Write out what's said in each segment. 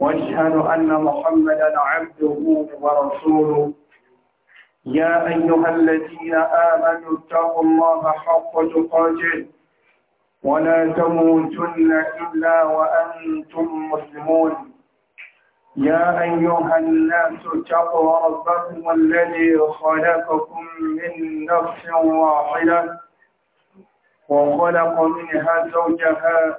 واشهد ان محمدا عبده ورسوله يا ايها الذين امنوا اتقوا الله حق تقاته ولا تموتن الا وانتم مسلمون يا ايها الناس اتقوا ربكم الذي خلقكم من نفس واحده وخلق منها زوجها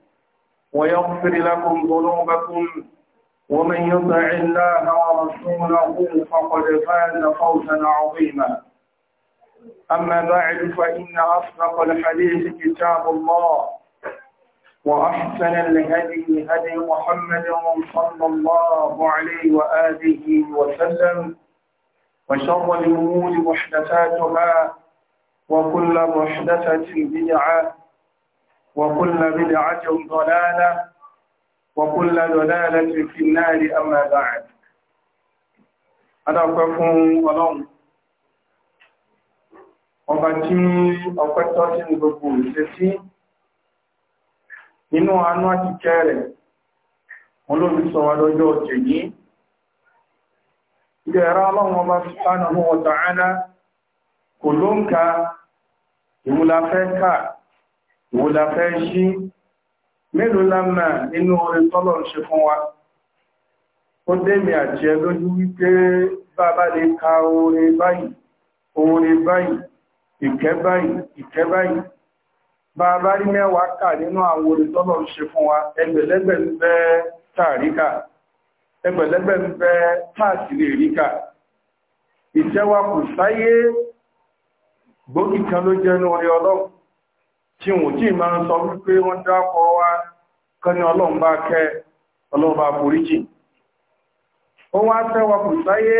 ويغفر لكم ذنوبكم ومن يطع الله ورسوله فقد فاز فوزا عظيما أما بعد فإن أصدق الحديث كتاب الله وأحسن الهدي هدي محمد صلى الله عليه وآله وسلم وشر الأمور محدثاتها وكل محدثة بدعة وكل بدعة ضلالة وكل ضلالة في النار أما بعد أدعوكم ولوم ọba tí ọpẹ́ tọ́ sí ní gbogbo ìṣesí nínú àánú àtìkẹ́ rẹ̀ olóbi sọ wà lọ́jọ́ ọ̀tẹ̀ yìí subhanahu wa ta'ala kò ló ka wo la fẹ́ ṣí mélòó lámà nínú orin tọ́lọ̀ ń ṣe fún wa ó dẹ́mi àti ẹ lójú wípé bàbá lè ka orin báyìí orin báyìí ìkẹ́ báyìí ìkẹ́ báyìí bàbá rí mẹ́wàá kà nínú àwọn orin tọ́lọ̀ ń ṣe fún wa ẹgbẹ̀lẹ́gbẹ̀ ń bẹ tàríkà ẹgbẹ̀lẹ́gbẹ̀ ń bẹ tààtìlè ríkà ìtẹ́wà kù sáyé gbókìkan ló jẹ́ ní orin ọlọ́run tí wọ́n máa ń sọ wípé wọn dákọ̀ wá kọ́ni ọlọ́run bá kẹ́ ọlọ́run bá ó wá tẹ́wàkù sáyé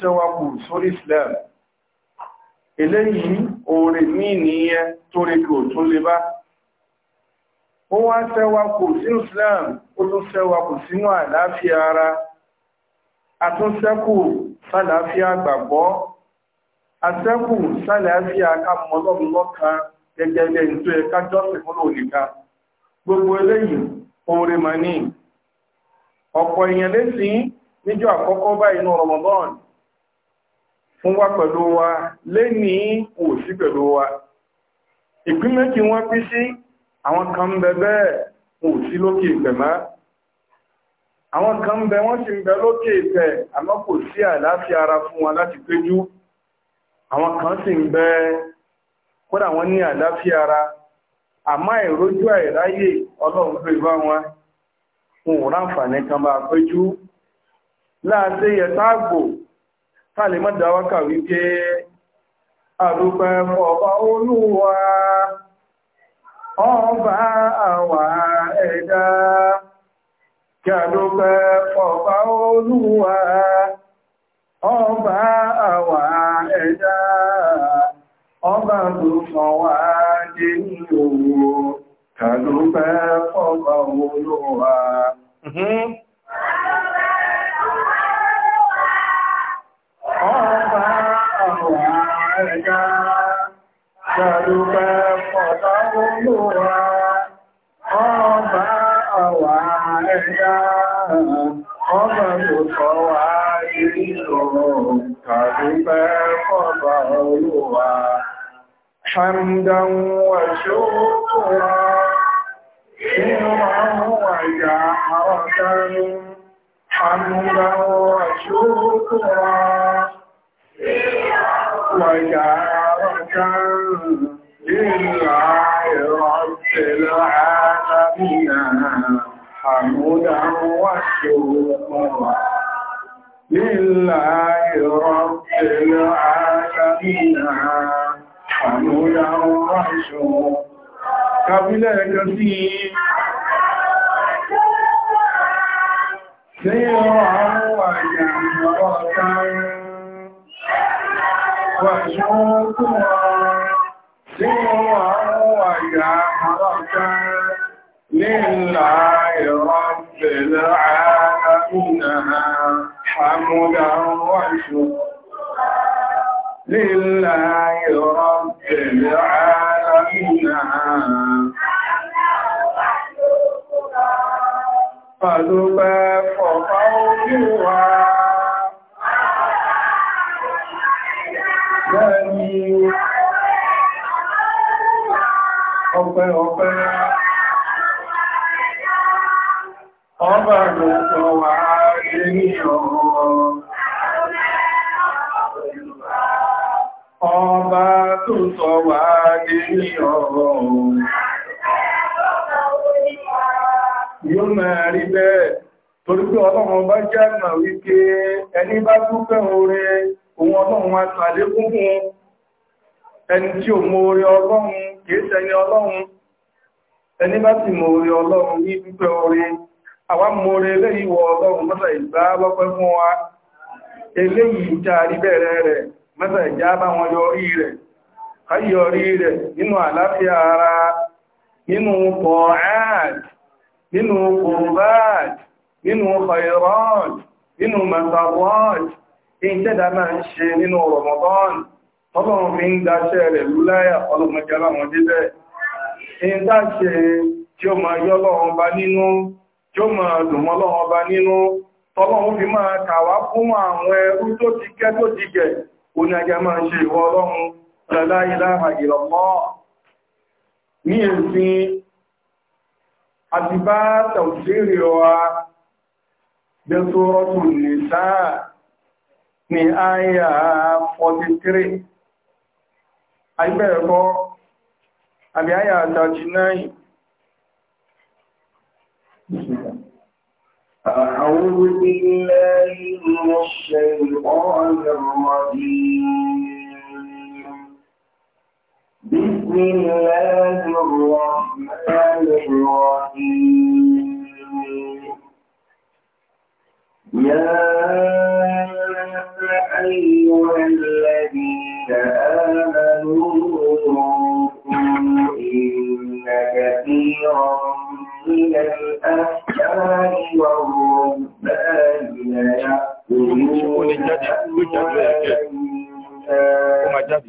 tẹ́wàkù sórí Islam eléyìí oore ní ìníyẹn tó rékè ò tún lè bá ó wá tẹ́wàkù sí Islam ó tún tẹ́wàkù sínú àláfíà ara àtúnṣẹ́kù sálàáfíà gbàgbọ́ àtẹ́kù sálàáfíà gẹ́gẹ́ bí ẹni tó yẹ ká jọ́sìn fún òníká gbogbo eléyìí oore ma ní ọ̀pọ̀ èèyàn lẹ́sìn níjọ́ àkọ́kọ́ báyìí inú Ramadan fún wa pẹ̀lú wa lẹ́ni kò sí pẹ̀lú wa ìpín méjì wọ́n pín sí àwọn kan bẹ bẹ́ẹ̀ kò sí lókè ìpẹ̀má àwọn kan bẹ wọ́n sì ń bẹ lókè ìpẹ̀ àmọ́ kò sí àlàáfíà ara fún wa láti péjú àwọn kan sì ń bẹ kódà wọ́n ní àláfíà ara àmọ́ ìrójú àìráyè ọlọ́run pé bá wọn fún òun ráǹfààní kan bá péjú láàṣẹ yẹ táàgbò táàlè má dáwákà wípé àdúpẹ́ ọba olúwa ọba àwa ẹ̀dá kí ọba olúwa ọba ذو فواد كالبى قبولها Ọba àwọn ẹ̀dá, ṣàrùbẹ́ pọ̀tà olóòwà. Ọba àwọn ẹ̀dá, ọba tó sọ wá ìrìnlọ, ṣàrùbẹ́ pọ̀tà olóòwà. حمدا وشكرا نعما وجهرة حمدا وشكرا وجهرة لله رب العالمين حمدا وشكرا لله رب العالمين àmúra ọwọ́ àìṣọ́ kàbílẹ̀ ẹjọ́ sí ṣe ọ̀rọ̀ àyà ọ̀ta wàṣọ́ tó wọ́n ṣe ọ̀rọ̀ àyà Lílá ìrọ̀ العالمين فذبا فقومها لني ọpẹ́ ọpẹ́ ọba lọ́pọ̀ wà ní ọ̀rọ̀ sọ wá ní ọ̀rọ̀ yóò máa rí bẹ́ẹ̀ torí pé ọlọ́run bá jẹ́ àmà wípé ẹni bá dúpẹ́ oore òun ọlọ́run ẹni tí ò mọ ọlọ́run kìí fún wa eléyìí rí bẹ̀rẹ̀ rẹ̀ káyọrí rẹ̀ nínú àlàáfíà ara nínú pọ̀áàd nínú kòròbáàd nínú kọ̀ìrọ́d nínú mẹ́sàwọ́d in tẹ́dà nse, n'inu ṣe nínú fi ń dáṣẹ́ rẹ̀ lúláyà ọlọ́mọjọ́lá wọn débẹ̀ fi ma ti ti la ilaha illallah ní ẹ̀sìn àti bá tàùsírì wa jẹ́ Suratul Nisa ní àyà 43 àìbẹ̀ẹ̀kọ́ àbí àyà 39 أعوذ بالله من بسم الله الرحمن الرحيم يا أيها الذين آمنوا إن كثيرا من الأحبار والرهبان ليأكلون الناس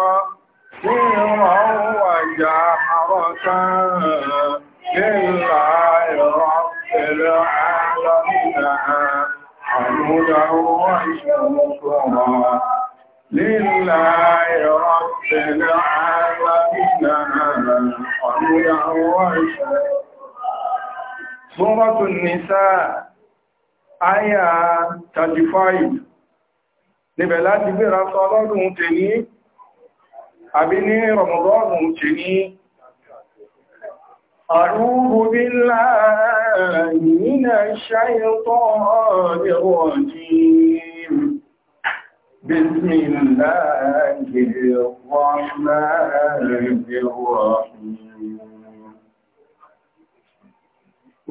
سيرا وجهرة لله رب العالمين حمدا وشكرا لله رب العالمين حمدا وشكرا سورة النساء آية 35 نبلات برسالة تنين àbí ní rọmọdọ́ọ̀nù أعوذ بالله من الشيطان الرجيم بسم الله الرحمن الرحيم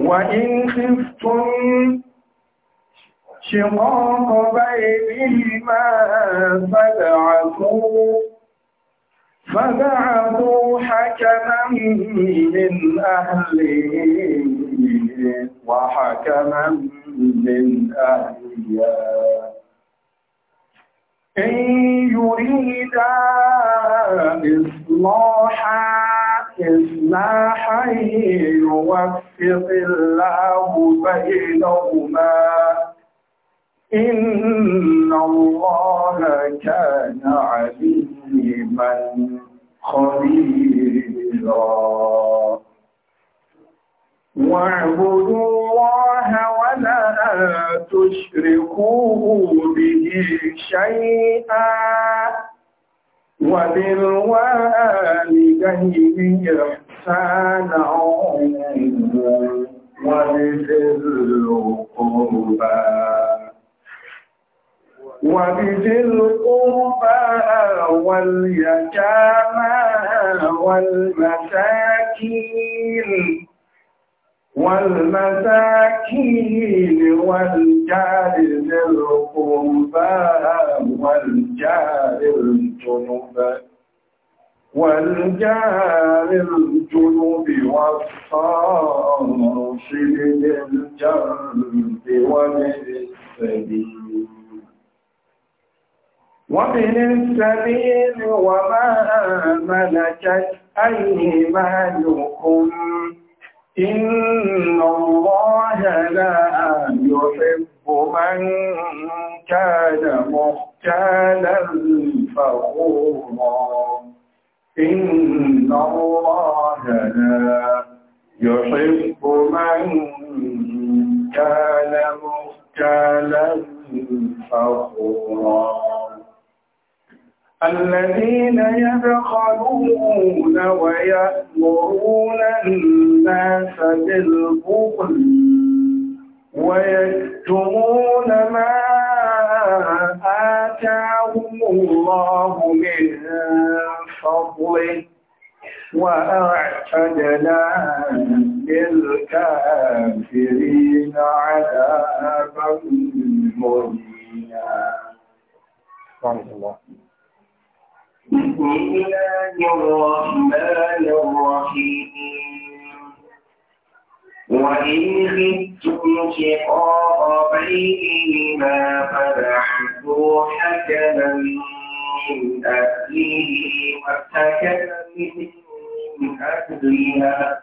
وإن خفتم شقاق بينهما فابعثوا فبعثوا حكما من أهله وحكما من أهلها إن يريدا إصلاحا إصلاحا يوفق الله بينهما إن الله كان عليما خبيرا واعبدوا الله ولا تشركوا به شيئا وبالوالدين إحسانا وبذي القربى وبذي القربى واليتامى والمساكين والمساكين والجار ذي القربى والجار الجنب والجار الجنب والصاصب بالجنب وبذي ومن السبيل وما ملكت أيمانكم إن الله لا يحب من كان مختالا فخورا إن الله لا يحب من كان مختالا فخورا الذين يبخلون ويأمرون الناس بالبخل ويكتمون ما آتاهم الله من فضله وأعتدنا للكافرين عذابا مرينا. الله. بسم الله الرحمن الرحيم وإن خفتم شقاق بينهما فبعثوا حكما من أهله وحكما من أهلها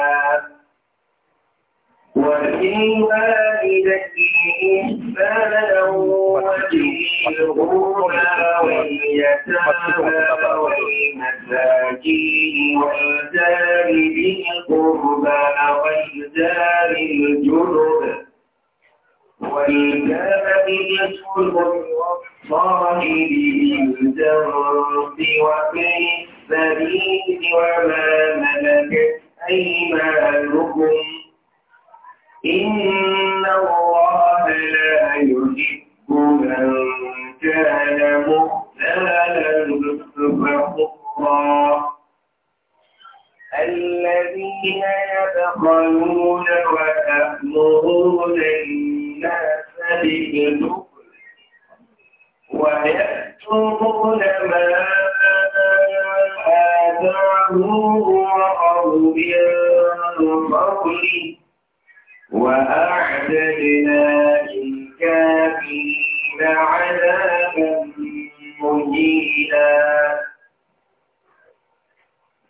والقربى واليتامى والمساكين والجار القربى والجار الجنب والكافة نصف والصاحب بالجنب وفي السبيل وما ملكت أيمانكم إن الله لا يحب من كان مختالا فخورا الذين يبخلون ويأمرون الناس بالبخل ويكتمون ما آتاهم الله من فضله وأعتدنا للكافرين عذابا مهينا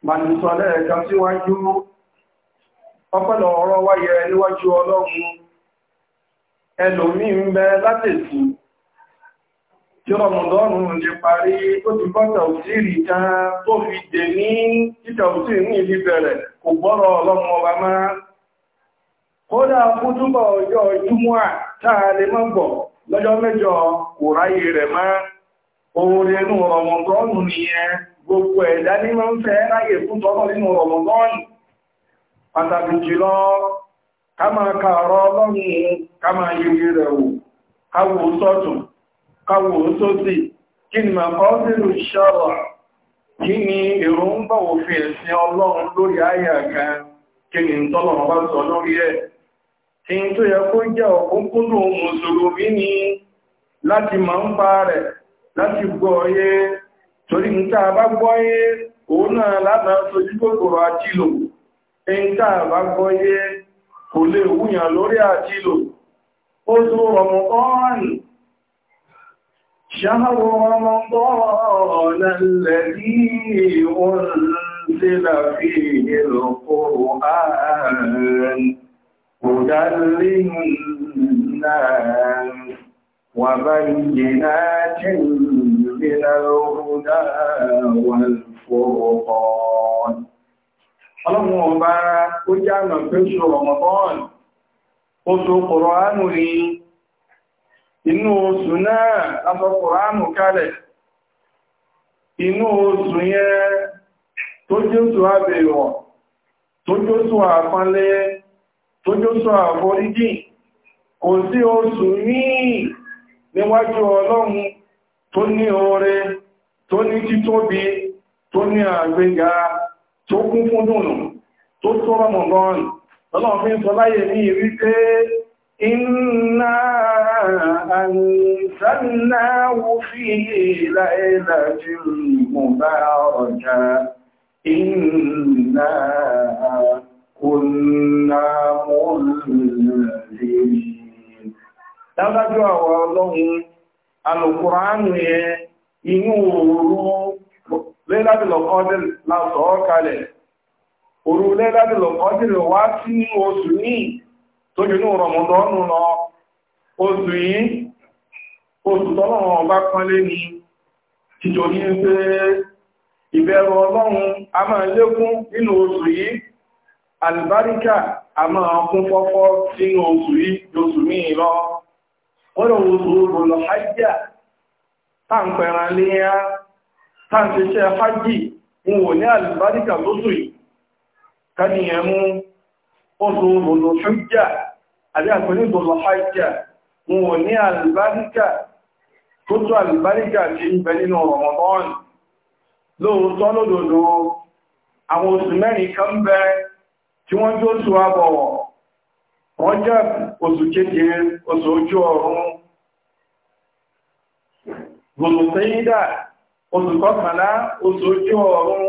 Màní sọ́lẹ̀ ẹ̀ka síwájú, ọpẹ́lọ ọ̀rọ̀ wáyé níwájú ọlọ́run, ẹlòmí ń bẹ látẹ̀sì, tí ọmọdọ́rùn lè parí ó ti bọ́ tó fi dè ní títàùsírì ní ibi bẹ̀rẹ̀ kò gbọ́rọ̀ lọ́jọ́ mẹ́jọ kò ráyè rẹ̀ mọ́ oore inú rọmọdọ́nù nìyẹn gbogbo ẹ̀dá ní máa ń fẹ́ ráyè fún tọ́lọ́ nínú rọmọdọ́nù pàtàkì jùlọ ká máa kààrọ̀ ọlọ́run ká máa yiri rẹ̀ wò tí n tó yẹ kó jẹ́ òkúnkúnnù mùsùlùmí ni láti ma ń pa rẹ̀ láti gbọ́ ọyé torí n tá bá gbọ́ yé òun náà látà sojú kòkòrò àjílò n tá bá gbọ́ kò lè wúyàn lórí tó هدى للناس وبينات من الهدى والفرقان ọlọ́run ọba ó já mọ̀ pé ṣe Ramadan oṣù Kùránù ni inú oṣù náà lásọ Kùránù inú oṣù yẹn tó tó tó jó sọ àforíjì kò sí oṣù ní níwájú ọlọ́run tó ní oore tó ní títóbi tó ní àgbéga tó kún fún dùnù tó tó rọmọ̀gán ọlọ́run fi ń sọ láyé ní wípé inna fi كنا منذرين dájú àwọn ọlọ́run alùkùránù yẹn inú òru lẹ́lábìlọ̀kọ́dìl lásọ̀ ọ́kalẹ̀ òru lẹ́lábìlọ̀kọ́dìl wá sí oṣù ní tójú ní rọmọdọ́nù lọ oṣù yìí oṣù tọ́lọ́run ọba pánlé ni ní àlùbáríkà a máa kún fọ́fọ́ sínú oṣù yìí lóṣù míì lọ wọ́n lọ oṣù olùlọ hajjá táǹpẹ̀ràn léyà táǹṣẹ́ṣẹ́ hajjì ń wò ní àlùbáríkà lóṣù yìí káníyàn mú oṣù olùlọ hajjá àbí àpẹẹrẹ olùlọ hajjá ń wò ní àlùbáríkà tó tó àlùbáríkà ti ń bẹ àwọn oṣù kan bẹ́ẹ̀ tí wọ́n jó sọ àbọ̀wọ̀ Rajab oṣù kéje oṣù ojú ọ̀run Zulqaida oṣù kọkànlá oṣù ojú ọ̀run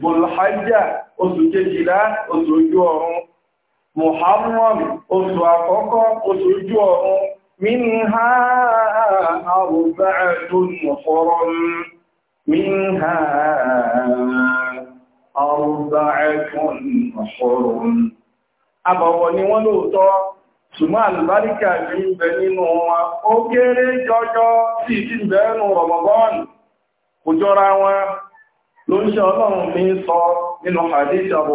Zulhajja oṣù kejìlá oṣù ojú ọ̀run oṣù oṣù ojú ọ̀run minha ọ̀rùn-ún-bá-ẹ̀kùn ọ̀ṣọ́rùn-ún. ni wọ́n lóòótọ́, ṣùgbọ́n àlùbáríkà ní ibẹ̀ nínú wọn, ó kéré jọjọ sí ìdí ìbẹ̀ẹ́nu Rọ̀mọ̀gọ́ọ̀nù, kò jọra wọn ló ń ṣe ọlọ́run mi sọ nínú hadith Abu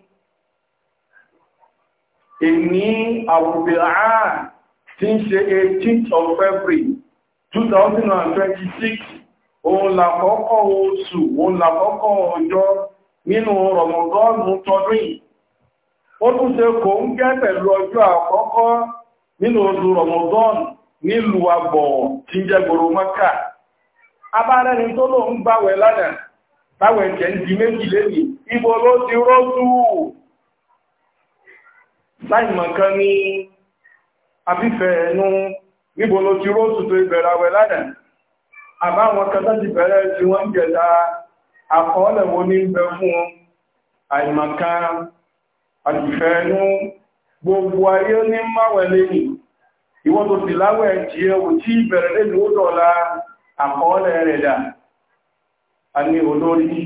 èní àwòbìláà tí ń ṣe 18th of February 2026 òun làkọ́kọ́ oṣù òun làkọ́kọ́ ọjọ́ nínú rọmọgọ́ọ̀nù tọdún yìí ó tún ṣe kò ń gẹ́ pẹ̀lú ọjọ́ àkọ́kọ́ nínú oṣù rọmọgọ́ọ̀nù nílùú àbọ̀ tí ń jẹ́gbòrò mọ́kà abárẹ́ni tó lóun gbáwẹ̀ lánàá táwẹ̀ jẹ́ ń di méjì lẹ́yìn ibo ló ti rọ́sùn láìmọ̀ kan ní abífẹ́ ẹnu níbo ló ti róòsù tó ìbẹ̀rẹ̀ àwẹ̀ ládàá àbáwọn kẹta ti bẹ̀rẹ̀ tí wọ́n jẹta àkọọ́lẹ̀ wo ní bẹ fún àìmọ̀ kan àbífẹ́ ẹnu gbogbo ayé ní máwẹ̀ lẹ́yìn ìwọ́n tó ti láwẹ̀ jí ẹwù tí ìbẹ̀rẹ̀ lẹ́nu ó dọ̀la àkọọ́lẹ̀ rẹ̀ dà ní olórí ní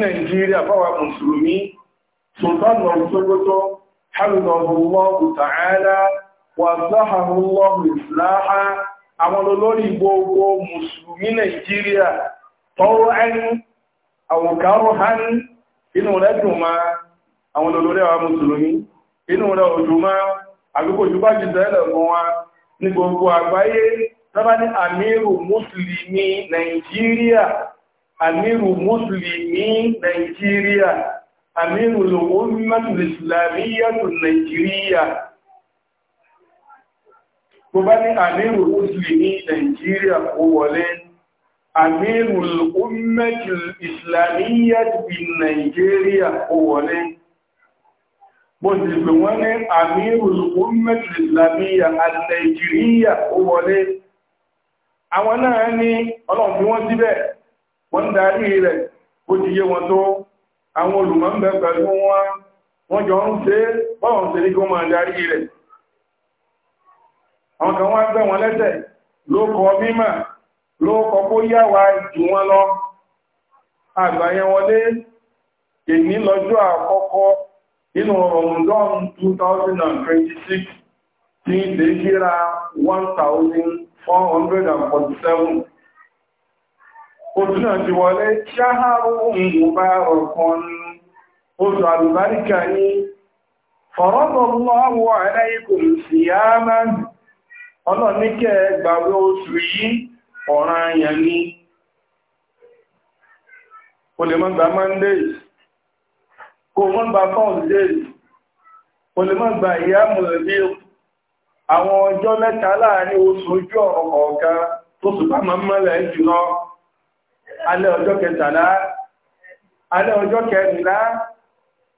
Nàìjíríà fáwọn mùsùlùmí Sultan lọ sókótó حفظه الله تعالى وأصلحه الله إصلاحا àwọn olórí gbogbo mùsùlùmí nàìjíríà tọ́rọ ẹni àwòkárò hàn inú rẹ̀ dùn ma àwọn olórí àwọn mùsùlùmí inú rẹ̀ òjò ma àgbíkò jùbá jùsẹ́lẹ̀ fún wa ní gbogbo àgbáyé tọ́bá ní أمير الأمة الإسلامية النيجيرية وبني أمير المسلمين نيجيريا أولين أمير الأمة الإسلامية بالنيجيريا أولين bọ́sìlẹ̀ wọ́n ní àmírù l'ummatu islamiyya al-Nigeria ó wọlé àwọn náà ní ọlọ́pìn wọ́n síbẹ̀ wọ́n darí rẹ̀ ó ti yé wọn tó àwọn olùmọ̀ ń bẹ pẹ̀lú wọn wọ́n jọ ń ṣe bọ́wọ̀n ṣe ní kí wọ́n máa darí rẹ̀ àwọn kan wá gbẹ́ wọn lẹ́sẹ̀ ló mímọ̀ ló kó yáwà jù wọn lọ àgbàyẹn wọlé èní lọ́jọ́ àkọ́kọ́ nínú Ramadan 2026 tí lè jíra 1447 oṣù náà ti wọlé ṣáhárù ìgbòbá ọ̀kan oṣù àlùbáríkà ní fọ̀rọ̀lọ́wọ́ aláìkùn sí àmà ọlọ́níkẹ́ gbàwé oṣù yìí ọ̀ràn àyàn ni o lè mọ́ gba mondays kò mọ́ gba thursdays o lè mọ́ gba ìyá mọ̀lẹ́bí àwọn ọjọ́ mẹ́ta láàrin oṣù ojú ọ̀rọ̀ kọ̀ọ̀kan alẹ́ ọjọ́ kẹtàlá alẹ́ ọjọ́ kẹrìnlá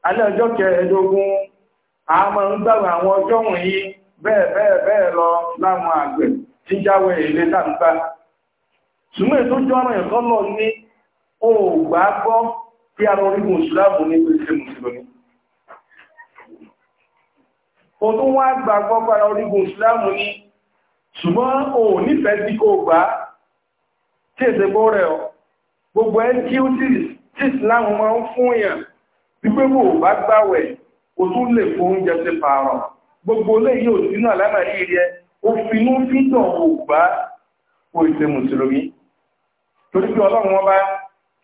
alẹ́ ọjọ́ kẹẹ̀ẹ́dógún a máa ń gbàwẹ̀ àwọn ọjọ́ wọ̀nyí bẹ́ẹ̀ bẹ́ẹ̀ bẹ́ẹ̀ lọ láwọn àgbẹ̀ tí jáwẹ̀ èlé tàǹgbà ṣùgbọ́n ètò jọ́rọ̀ ẹ̀kọ́ lọ ní òògbà gbọ́ tí a rọrí mùsùlámù ní pèsè mùsùlùmí o tó wá gbà gbọ́ para orígun ìsìláàmù ní ṣùgbọ́n o nífẹ̀ẹ́ sí kó gbà tí èsè gbó rẹ̀ ọ́ gbogbo nqts islam máa ń fún èèyàn wípé kò bá gbàwẹ̀ o tún lè fún oúnjẹ ti pààrọ̀ gbogbo léyìí ò sínú àlámà yìí rẹ òfinú fídọ̀ kò gbá kò ìṣe mùsùlùmí torí pé ọlọ́run wọn bá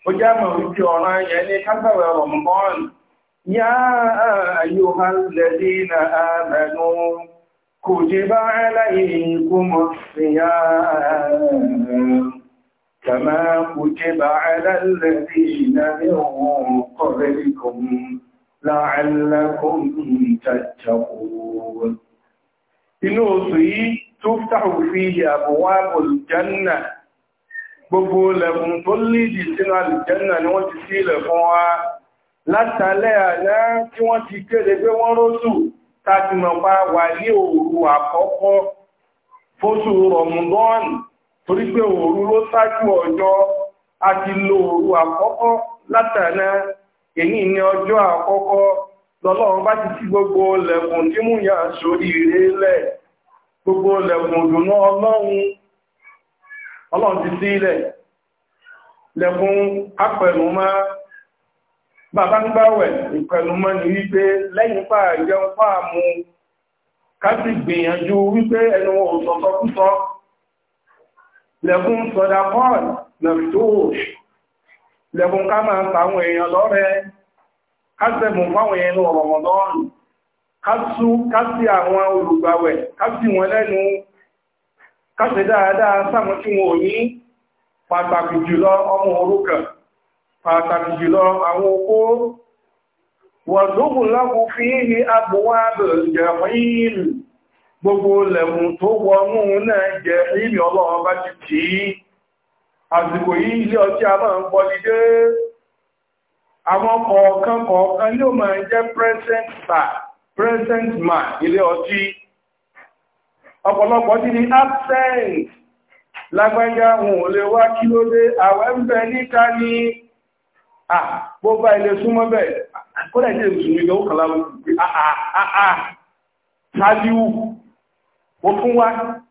ó já mọ̀ wípé ọ̀ràn yẹn ní kágbàwẹ̀ rọ̀mọ́n yá àyòhá lẹ́dínà àmẹ́nu kò jẹ́ bá aláìní kó mọ̀ sí yá àmẹ́nu كما كتب على الذين من قبلكم لعلكم تتقون inú oṣù yìí tuftahu fihi abwabul janna gbogbo lẹ́kùn tó lìdì sínú alìjẹ́nà ni wọ́n ti sí ilẹ̀kùn wa látàlẹ́ àná tí wọ́n ti kéde pé wọ́n rósù tàbí mọ̀pá wà ní òru àkọ́kọ́ fóṣù Ramadan torí pé òru ló ṣáájú ọjọ́ a ti lo òru àkọ́kọ́ látàná èyí ni ọjọ́ àkọ́kọ́ lọ́lọ́run bá ti ti gbogbo lẹ̀kùn tí mú yà sórí ilẹ̀ gbogbo lẹ̀kùn dùnú ọlọ́run ọlọ́run ti sí ilẹ̀ lẹ̀kùn apẹ̀lúmọ́ bàbá ń gbáwẹ̀ ìpẹ̀lúmọ́ ni wípé lẹ́yìn fàájẹun fáàmù ká sì gbìyànjú wípé ẹnu òsọ̀tọ̀kúsọ lẹ́kùn sọ̀dàkọ́ọ̀lù lẹ́fùtóòṣù lẹ́kùn ká máa pa àwọn èèyàn lọ́rẹ kásẹ̀mù fáwọn èèyàn rọ̀mọ̀lọ́rùn kású kásí àwọn olùgbàwẹ̀ kásí wọn lẹ́nu kásẹ̀ dáadáa sáwọn tí wọn ò ní pàtàkì jùlọ ọmọ òrukàn pàtàkì jùlọ àwọn okó wọ̀dógùn lọ́kùn fi ní abúwábẹ̀ jẹ̀rìn gbogbo lẹ̀mù tó wọnú náà jẹ ìrìn ọlọ́run bá ti kì í àsìkò yìí ilé ọtí a máa ń bọ́lidé àwọn kọ̀ọ̀kan kọ̀ọ̀kan yóò máa jẹ́ present star present man ilé ọtí ọ̀pọ̀lọpọ̀ ti di absent lágbájá wọn ò lè wá kí ló dé àwẹ́ ń bẹ níta ní àpò bá ilé súnmọ́ bẹ̀ ó fún wá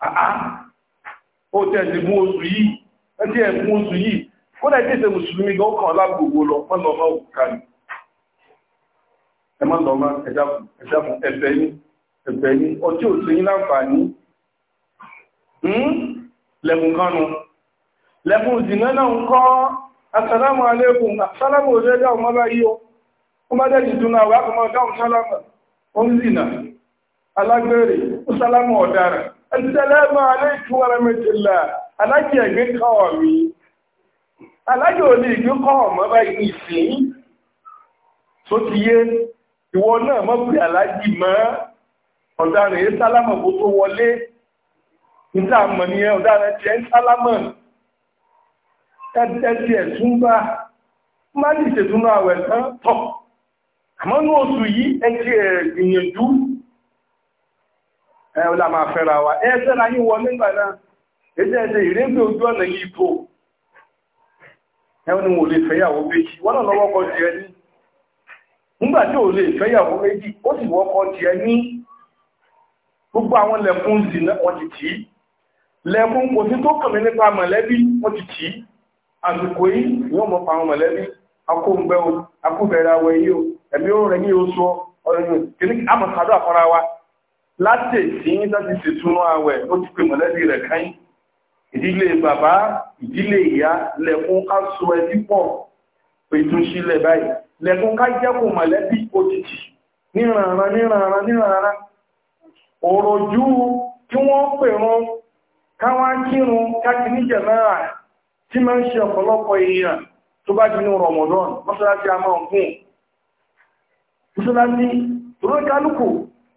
àá ó tẹ̀ sí mú oṣù yìí ẹ tí ẹ̀ mú oṣù yìí kó lẹ́ tẹ̀sẹ̀ mùsùlùmí gan kàn lágbogbo lọ mọ́nà ọmọ òkúkàrí ẹ mọ́nà ọmọ ẹ̀dàkùn ẹ̀fẹ́ ní ẹ̀fẹ́ ní ọtí òṣè yín láǹfààní hmm? lẹ́mùn kanu lẹ́mùn ìdìnnà náà ń kọ́ asàlámù alẹ́kùn asàlámù òṣèlú ọmọ báyìí ó ó má dẹ́ alágbèrè mùsàlámù ọ̀daràn ẹ̀sẹ̀lẹ́mọ̀ aláìkúwàrámẹ́tìlá alájì ẹ̀gbẹ́ kọ́ mi alájì ò ní ìgbé kọ́ ọmọ báyìí ìsìn tó ti yé ìwọ náà mọ́ pé alájì mọ́ ọ̀daràn yé sálámọ̀ bó tó wọlé níta mọ̀ ní ọ̀daràn tiẹ̀ ń sálámọ̀ ẹ̀ẹ́dẹ́sì ẹ̀tún bá má ní ìṣètúnú àwẹ̀ tán tọ̀ àmọ́ ní oṣù yìí ẹ ti ẹ̀ gbìyànjú ẹ ó láà máa fẹ́ra wa eze sẹ́ra yín wọ nígbà náà ètò ojú ọ̀nà mo lè fẹ́yàwó méjì wọ́n náà lọ́wọ́ kọ ní nígbà tí ò lè fẹ́yàwó méjì ó sì ní gbogbo àwọn lẹ́kùn náà wọ́n ti tì í lẹ́kùn kò sí tó kàn mí nípa mọ̀lẹ́bí wọ́n ti tì í àsìkò yìí mọ̀ pa àwọn mọ̀lẹ́bí akóńgbẹ́ o akóbẹ̀rẹ̀ awọ o ẹ̀mí ó rẹ̀ ní oṣù láti tí ń láti ṣètúnú àwẹ̀ ó ti pè mọ̀lẹ́bí rẹ̀ káyí ìdílé bàbá ìdílé ìyá lẹ̀kún ká so ẹbí pọ̀ pẹ̀tún sílẹ̀ báyìí lẹ̀kún ká jẹ́kùn mọ̀lẹ́bí òjìjì níranran níranran níranran òròjú tí wọ́n pèrún káwọn kírun káàkiri níjẹ̀ náà tí máa ń ṣe ọ̀pọ̀lọpọ̀ èèyàn tó bá jínú Ramadan mọ́sálásí a máa ń gùn mọ́sálásí tó lókálùkù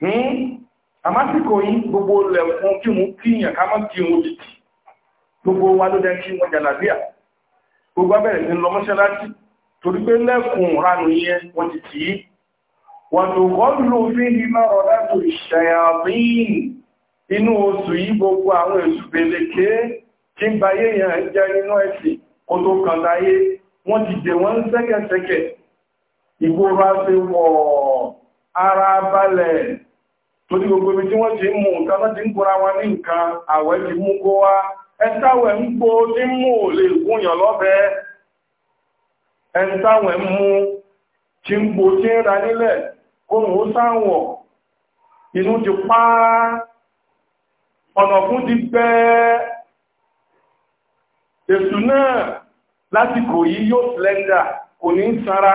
Hmm? àmásìkò yìí gbogbo lẹ̀kùn kí mú kí ìyàn ká mọ́ kí wọ́n jìtì gbogbo wa ló dẹ́ kí wọ́n jàlàbíà gbogbo abẹ́rẹ̀ sí lọ mọ́ṣáláṣí torí pé lẹ́kùn ránù yẹn wọ́n ti tì í wọ́n tó gọ́ọ̀lù fi ní mọ́rọ̀ látò ìṣàyàbín inú oṣù yìí gbogbo àwọn èṣù bèlèké tí ń ba yéèyàn jẹ́ nínú ẹ̀sìn kó tó kàn láyé wọ́n ti dè ara balẹ̀ torí gbogbo ibi tí wọ́n ti mú nǹkan ń kóra wọn ní nǹkan àwẹ̀ ti mú kó wá ń gbó tí mú ò lè gúnyàn lọ́bẹ̀ẹ́ mú tí ń gbó tí ń ra nílẹ̀ kóhùn ó sáwọ̀ inú ti pa ọ̀nà fún ti pẹ́ èsù náà lásìkò yìí yóò slender kò ní sára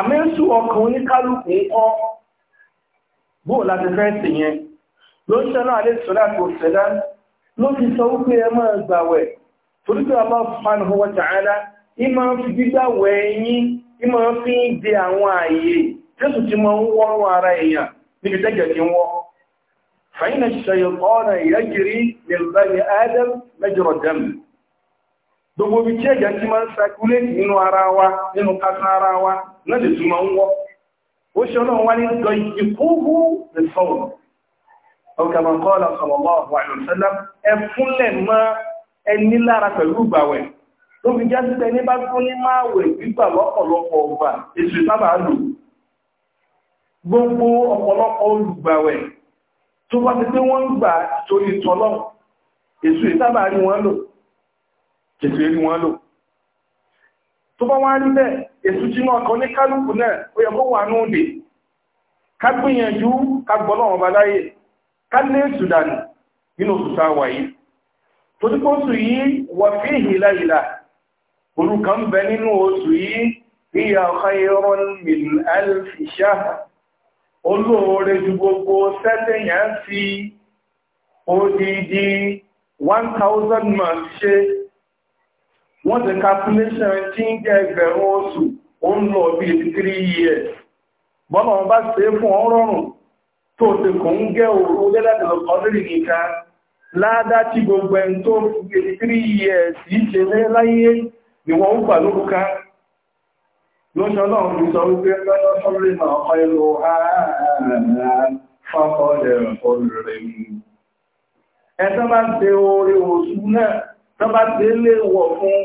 àmẹ́sù ọkàn oníkálùkù ń kọ́ bóò láti fẹ́ sí yẹn ló ń ṣẹ́nà alẹ́ sọ́lá tó sẹ́lá ló fi sọ wípé ẹ máa gbàwẹ̀ torí pé Allah subhanahu ìmọ̀ fi gbígbàwẹ̀ yín ìmọ̀ fi ń de àwọn ààyè tẹ́sù ti ń ara èèyàn níbi tẹ́jẹ̀ ti wọ́ gbogbo ibi tí ẹ̀jẹ̀ ti máa ń circulate nínú ara wa nínú kásán ara wa náà lè tún ń wọ́ ó ṣe ọlọ́run wá ní lọ ìkúhú ìsọ̀rọ̀ ọkàmà kọ́ọ̀lá sọ̀rọ̀lọ́ àwọn àìlọ́sẹ́lá ẹ fúnlẹ̀ kèfèrí wọn lò tó bá wá rí bẹ́ẹ̀ èsù tí náà kan ní kálùkù náà ó yẹ kó wà ní òde ká gbìyànjú ká gbọ́ náà ọba láyè ká lé èsù dànù nínú oṣù tá wà yìí tó tí kóṣù yìí wà fi ìhìlá ìlà olùkàn bẹ nínú oṣù yìí ìyà 1000 months ṣe wọ́n ti calculation tí ń jẹ́ ẹgbẹ̀rún oṣù ó ń lọ bí i three years bọ́nà wọn bá ṣe fún ọ rọrùn tó ti kò ń gẹ́ òru lẹ́lẹ́dẹ̀ lọ́kọ́lẹ́rì nìkan ládá tí gbogbo ẹni tó fi three years yìí ṣe láyé ni wọ́n ń gbà lórúkà lóṣọ́ náà fi sọ wípé lọ́jọ́ sọ́rí náà kọ́ ẹlò ààrẹ fọ́kọ́lẹ̀ ọ̀rẹ́ ẹ̀tọ́ bá ṣe oore oṣù náà tọ́ bá ṣe léwọ̀ fún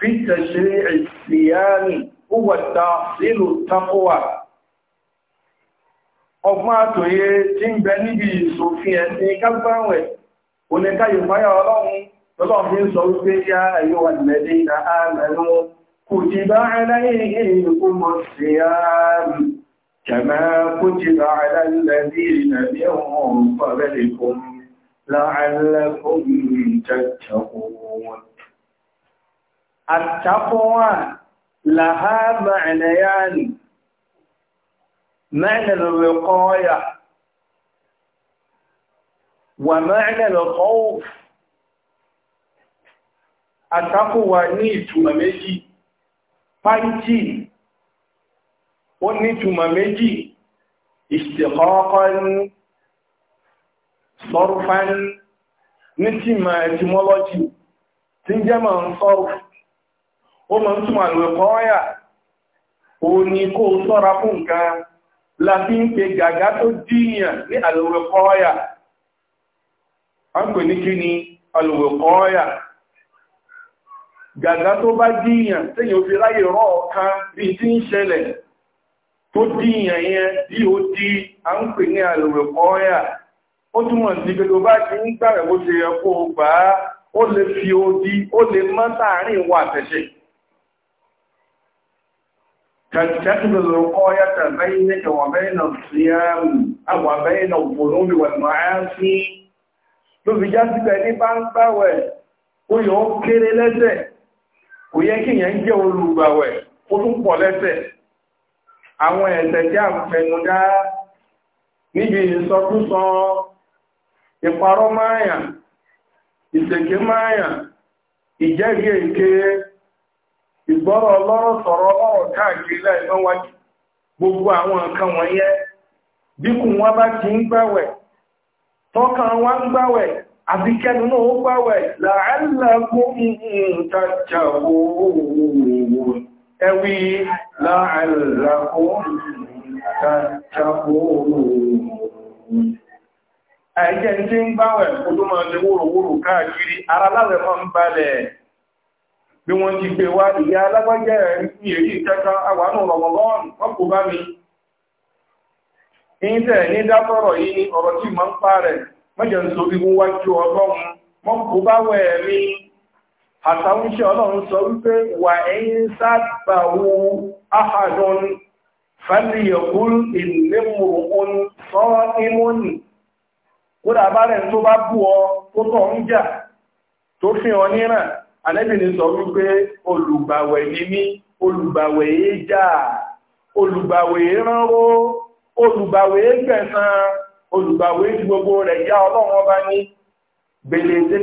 في تشريع الصيام هو تحصيل التقوى ọgbọ́n àtòyé tí ń bẹ níbi ìṣòfin ẹ̀sìn kágbàwẹ̀ oníkáyò máyà ọlọ́run lọ́lọ́run fi ń sọ wípé yá ẹ̀yọ́ àdìmẹ́dé ìdá àmẹ́nu kò ti bá ẹlẹ́yìn ìkúmọ̀ sí ààrùn التقوى لها معنيان معنى الوقاية ومعنى الخوف التقوى نيتما ميجي فانتي ونيتما ميجي اشتقاقا صرفا نتما etymology تنجمع صرف ó ma ń túnmọ̀ àlùwẹ̀ kọ́ ọ́yà ó ní kó sọ́ra fún nǹkan láti pe gàgá tó díyàn ní àlùwẹ̀ kọ́ ọ́yà a ń pè ní ni àlùwẹ̀ kọ́ ọ́yà gàgá tó bá díyàn tẹ́yìn ó fi ráyè rọ́ ọ̀kan bí tí ń ṣẹlẹ̀ tó díyàn yẹn bí ó di a ń pè ní àlùwẹ̀ kọ́ ọ́yà ó sí pé tó bá ti ń gbà ó lè fi odi wa تكتب الوقاية بينك وبين الصيام أو بين الظلوم والمعاصي ló fi já sí pẹ̀lú bá ń gbàwẹ̀ ó yọ ó kéré lẹ́sẹ̀ kò yẹ kí yẹn jẹ́ olùgbàwẹ̀ ó tún pọ̀ lẹ́sẹ̀ àwọn ẹ̀ṣẹ̀ tí a ń fẹnu dá níbi ìsọkúsọ ìparọ́ máyà ìsèké máyà ìjẹ́gẹ̀ẹ́gẹ́ ìgbọ́rọ̀ ọlọ́rọ̀ sọ̀rọ̀ ọlọ́rọ̀ káàkiri láìlọ́wájú gbogbo àwọn nǹkan wọ̀nyẹn bíkù wọn bá ti ń gbàwẹ̀ tọ́kàn wá ń gbàwẹ̀ àbí náà ó gbàwẹ̀ la'allakum tattaqun ń ara bí wọ́n ti gbé wá ìyá alágbájá ní èrí ìkẹ́kọ́ àwánù rọ̀mọ̀lọ́rùn ọkù bá mi ìyíntẹ̀ ní dáfọ́rọ̀ yìí ni ọ̀rọ̀ tí ma ń pa mọ́jẹ̀ ń so igun wájú ọlọ́run mọ́kù tó fi ọ níràn alẹ́bìnrin sọ wípé olùgbàwẹ̀ ni mí olùgbàwẹ̀ yé jà olùgbàwẹ̀ yé ránró olùgbàwẹ̀ yé gbẹ̀san olùgbàwẹ̀ yé gbogbo rẹ̀ ọlọ́run ọba ní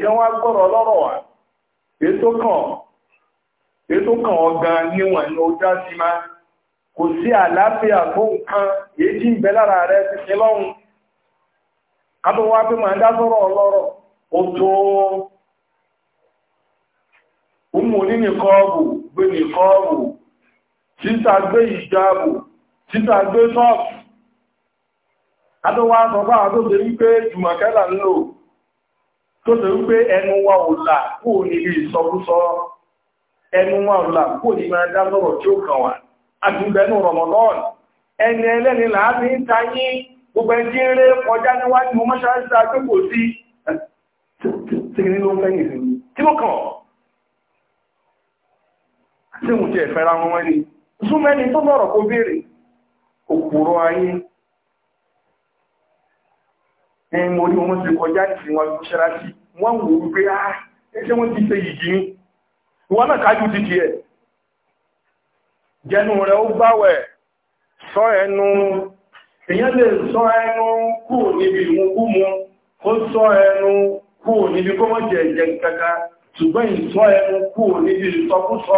kan wá gbọ́rọ̀ ètò ètò ma kò sí àlàáfíà Omo ní nìkọ́ọ̀bù gbé nìkọ́ọ̀bù, títà gbé ìjáàbù, títà gbé sọ́ọ̀pù. Adọ́wà sọ fáwọn tó ṣe wípé Jùmọ̀kẹ́là ń lò, tó ṣe wípé ẹnu wa ò là kó níbi ìsọkúsọ, ẹnu wa ò là kó ní máa dá sọ̀rọ̀ tí ó kàn wà. Àjùbẹ̀nù Rọ̀mọ̀lọ́ọ̀nù, ẹni ẹlẹ́ni làá fi ń tayí gbogbo ẹjí eré kọjá níwájú mọ́ṣáláṣí àgbégbò sí. Tí kìí ló ń fẹ́yìn sí? Kí ló kàn? tí òun ti ẹ̀fẹ́ra wọn wọ́n ni súnmẹ́ni tó lọ́rọ̀ kó béèrè òpòrò ayé ẹni mo rí wọn sí kọjá ìsìn wọn ṣẹlá sí wọ́n wò ó pé á ah, ẹṣẹ́ wọ́n ti ṣe yìí ní ìwọ́n náà kájú ti di ẹ̀ jẹnu rẹ̀ ó gbáwẹ̀ sọ ẹnu èyàn ṣùgbọ́n ìsọ ẹnu kúrò níbi ìsọkúsọ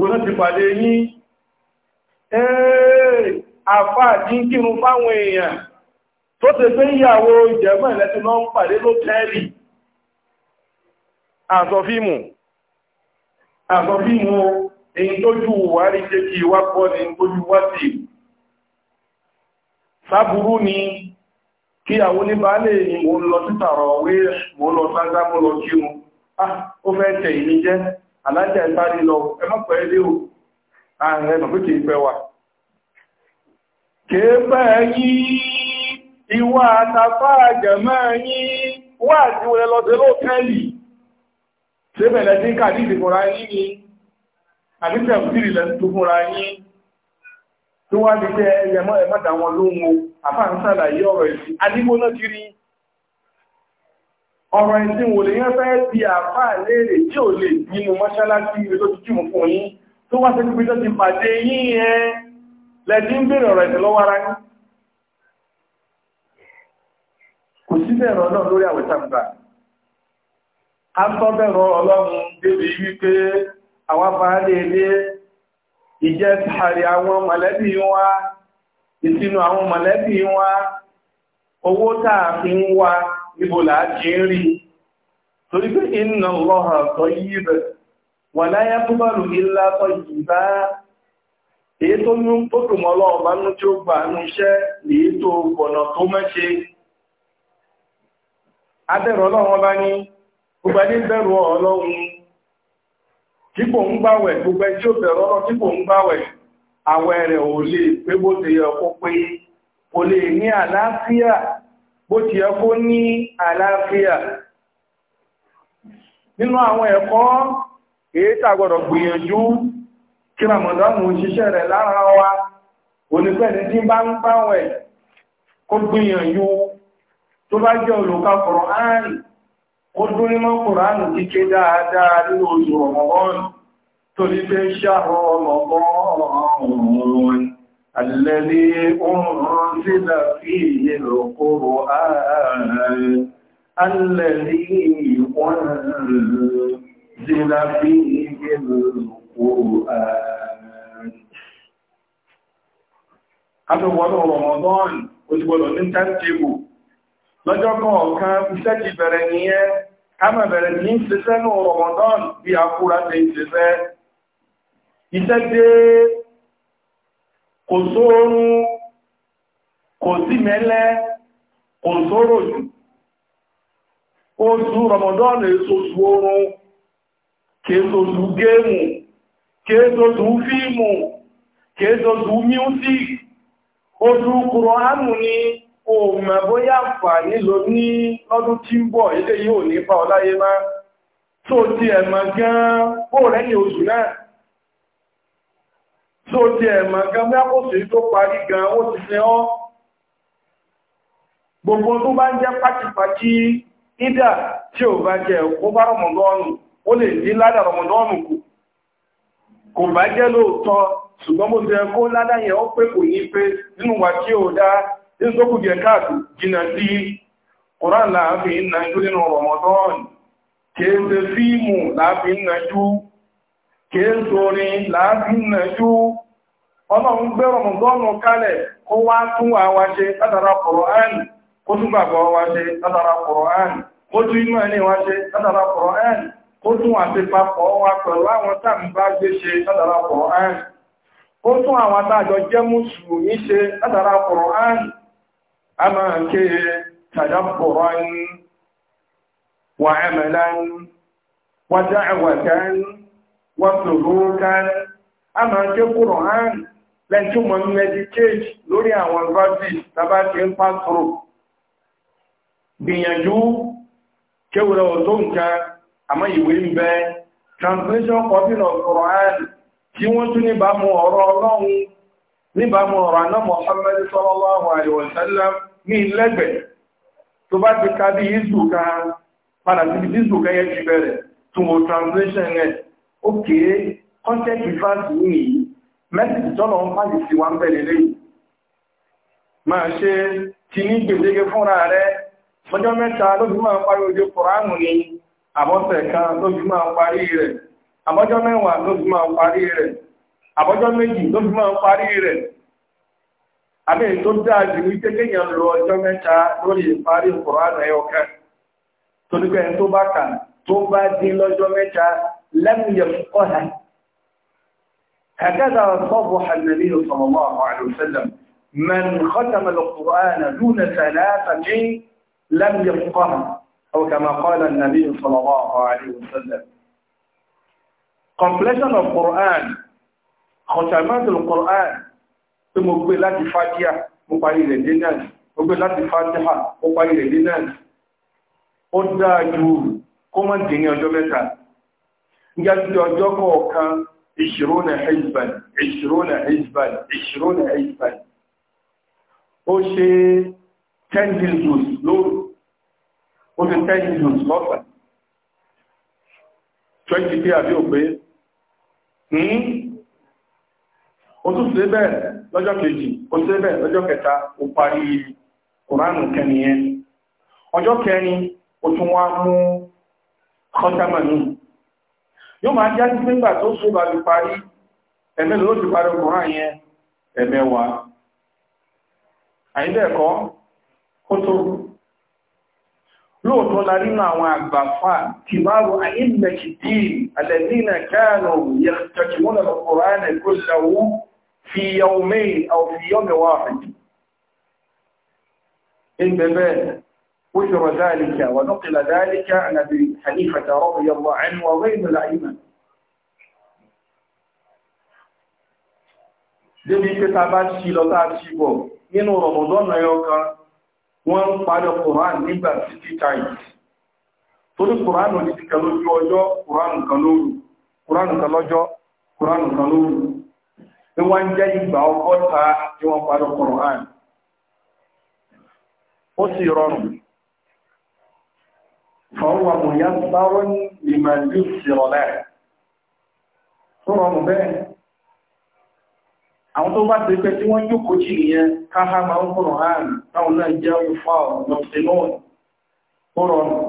wọ́n ti pàdé yín ẹ́ẹ̀ àfáà tí ń kírun fáwọn èèyàn tó ti pé ìyàwó ìjẹ̀mọ́ ìlẹ́tí lọ ń pàdé lótẹ́ẹ̀lì àsọfíìmù àsọfíìmù èyí tójú wà rí jẹ́ kí wá pọ́ ní tójú wá sí sáburú ni kí àwọn oníbàálẹ̀ ni mo lọ títàrọ̀ wé mo lọ sáńgá lọ kírun ah ó fẹ́ tẹ̀ ìníjẹ́ alájà ìparí lọ ẹmọ́pẹ́ ilé o ààrẹ mọ̀ pé kìí pẹ́ wà kìí pẹ́ yí ìwà àtàfà àjẹ̀mọ́ yí wà tí wọlé lọ́dẹ lóòtẹ́lì tí bẹ̀rẹ̀ tí kàdí ìdìkọ̀ra yí ni àbíkẹ̀ fìrì lẹ́ tí wá di pé ẹyẹmọ́ ẹ̀mọ́ta wọn ló ń mo àfáà ń sàlàyé ọ̀rọ̀ ìsìn adigbóná kiri ọmọ ìsìn wò lè yán fẹ́ ti àfá léèrè tí ò lè nínú mọ́ṣálásí ilé tó ti mú fún yín tó wá sí pípẹ́ tó ti pàdé yín ẹ lẹ́tí ń bèèrè ọ̀rọ̀ ìtẹ́lọ́wọ́ ara yín kò sí bẹ̀rọ náà lórí àwẹ̀tàgbà a sọ bẹ̀rọ ọlọ́run owó tààfin wa ibola láti ń rí torí pé inna Allaha tayyibun wa la yaqbalu illa tayyiba èyí tó ní tó dùn mọ́ ní tí ó gbà ní iṣẹ́ lèyí tó gbọ̀nà tó mẹ́ṣe adẹ́rọ bá ní gbogbo bó ti yẹ kó ní àlàáfíà nínú àwọn ẹ̀kọ́ èyí tàgbọ̀dọ̀ gbìyànjú kí ramadanu ṣiṣẹ́ rẹ̀ lára wa onípẹ̀lẹ̀ tí bá ń báwẹ̀ kó gbìyànjú tó bá jẹ́ olùka Kùránì ó dún nímọ̀ Kùránì kíké dáadáa nínú oṣù Ramadan tó ní pé ṣáà Ramadan الذي أنزل فيه القرآن الذي أنزل فيه القرآن هذا هو رمضان وتقولوا من تنتبوا lọ́jọ́ kọ̀ọ̀kan iṣẹ́ ti bẹ̀rẹ̀ nìyẹn ká mọ̀ bẹ̀rẹ̀ ní ṣiṣẹ́ ní Ramadan bí a kúra tẹ́ ìṣẹ́fẹ́ iṣẹ́ dé kò sóorun kò sí mẹ́lẹ́ kò sóró jù oṣù rọmọdọ́nà èsòsù oorun kéèsòsù géèmù kéèsòsù fíìmù kéèsòsù ni o bóyá fà nílò ní lọ́dún tí ń bọ̀ ilé yóò nípa ọláyé tó ti ẹ̀mọ̀ gan-an bóò rẹ́yìn oṣù náà tó ti ẹ̀mà gan mẹ́kòsì tó parí gan ó ti ọ́ gbogbo tó bá ń jẹ́ pàtìpàtì ìdà tí ò bá jẹ́ ó bá rọmọdọ́nù ó lè dín ládà rọmọdọ́nù kù kò bá jẹ́ lóòótọ́ ṣùgbọ́n mo ti ẹkó ládà yẹn ó pé kò pé nínú wà tí ò dá nínú tó jẹ jìnà sí kìí sorin láàrín nàíjú ọlọ́run gbé rọmọdọ́nù kalẹ̀ kó wá tún wà ṣe látara Kùránì kó tún gbàgbọ́ wá ṣe látara Kùránì kó tún inú ẹni wá ṣe látara Kùránì kó tún àṣepapọ̀ wa pẹ̀lú àwọn tàbí gbé ṣe látara Kùránì kó tún àwọn jẹ́ wọ́n tó lówó a máa ké kúrò hàn lẹ́tí mọ̀ ní meditate lórí àwọn verses tàbá ti ń pa gbìyànjú kéwòrò nǹkan àmọ́ ìwé ń translation copy of Quran tí wọ́n tún níbàmú ọ̀rọ̀ Ọlọ́run níbàmú ọ̀rọ̀ aná Muhammad sallallahu alaihi wasallam ní ilẹ́gbẹ̀ẹ́ kan ya bere ó kéré kọ́ńtẹ́ẹ̀tì fásitì yìí mẹ́sìtì tọ́lọ ń pàdé sí wa ń bẹ̀rẹ̀ lẹ́yìn máa ṣe ti ní gbèdéke fúnra rẹ̀ mọ́jọ́ mẹ́ta ló máa parí ojú kùránù ni àbọ́sẹ̀ kan ló máa parí rẹ̀ àbọ́jọ́ mẹ́wàá ló máa parí rẹ̀ àbọ́jọ́ méjì ló máa parí rẹ̀ tó dáa jù ní lọ ọjọ́ mẹ́ta lórí ìparí ẹ̀yọkẹ́ torípẹ́ tó bá لم يفقها هكذا صرح النبي صلى الله عليه وسلم من ختم القرآن دون ثلاثة لم يفقها أو كما قال النبي صلى الله عليه وسلم قبلتنا القرآن ختمات القرآن ثم بمقبلات فاتحة مقبلات الناس مقبلات فاتحة مقبلات الناس قد جور كمان دنيا جمتان nígbàtí ọjọ́ kọ̀ọ̀kan ìṣirúnà hezban ìṣirúnà hezban ìṣirúnà hezban ó ṣe 10 dildos lóòrù ó ṣe 10 dildos lọ́fà 20 pé àbí hmm? òpé ó tún ṣe bẹ́ẹ̀ lọ́jọ́ kejì ó ṣe bẹ́ẹ̀ lọ́jọ́ kẹta ó parí kùránù kẹniyẹn ọjọ́ kẹrin ó tún wá mú kọ́tàmà náà yóò máa jẹ́ nígbé ńgbà tó ṣe bá lè parí ẹ̀mẹ́ ló ti parí ọkùnrin yẹn ẹ̀mẹ́wàá àyíbẹ̀ẹ̀kọ́ ó tó lóòtọ́ la a àwọn àgbàfà ti báwo àyíbẹ̀kìtì alẹ́dínà káànù yẹ̀tọ̀kìmọ́nà ọkùnrin ẹ̀kọ́ ṣàwú fi yọ وجر ذلك ونقل ذلك عن أبي حنيفة رضي الله عنه وغير الأئمة débi pé ta bá ṣí lọ táa ṣí bọ̀ nínú rọ̀mọ̀dọ́nà ẹ̀ọ́kan wọ́n ń padà kòrán nígbà sí títàìtì torí kòrán ní ti kan lójú ọjọ́ kòrán kan lóru kòrán kan lọ́jọ́ ni wọ́n jẹ́ ìgbà ọgọ́ta tí wọ́n padà kòrán ó sì rọrùn fọwọ́ mọ̀ yá báwọ́ ní ìmọ̀lú ìṣẹ̀rọ̀lẹ́ tó rọrùn bẹ́ẹ̀ àwọn tó bá ti pẹ́ tí wọ́n jókòó jì nìyẹn káhá máa ń kọ̀rọ̀ hàn táwọn náà jẹ́ ìfà ọ̀dọ̀sẹ̀lọ́ọ̀nù tó rọrùn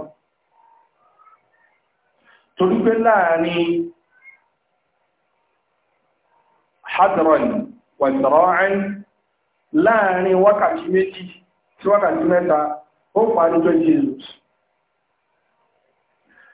torí pé láàrin hadron wà láàrin wákàtí méjì sí wákàtí mẹ́ta ó parí 20 years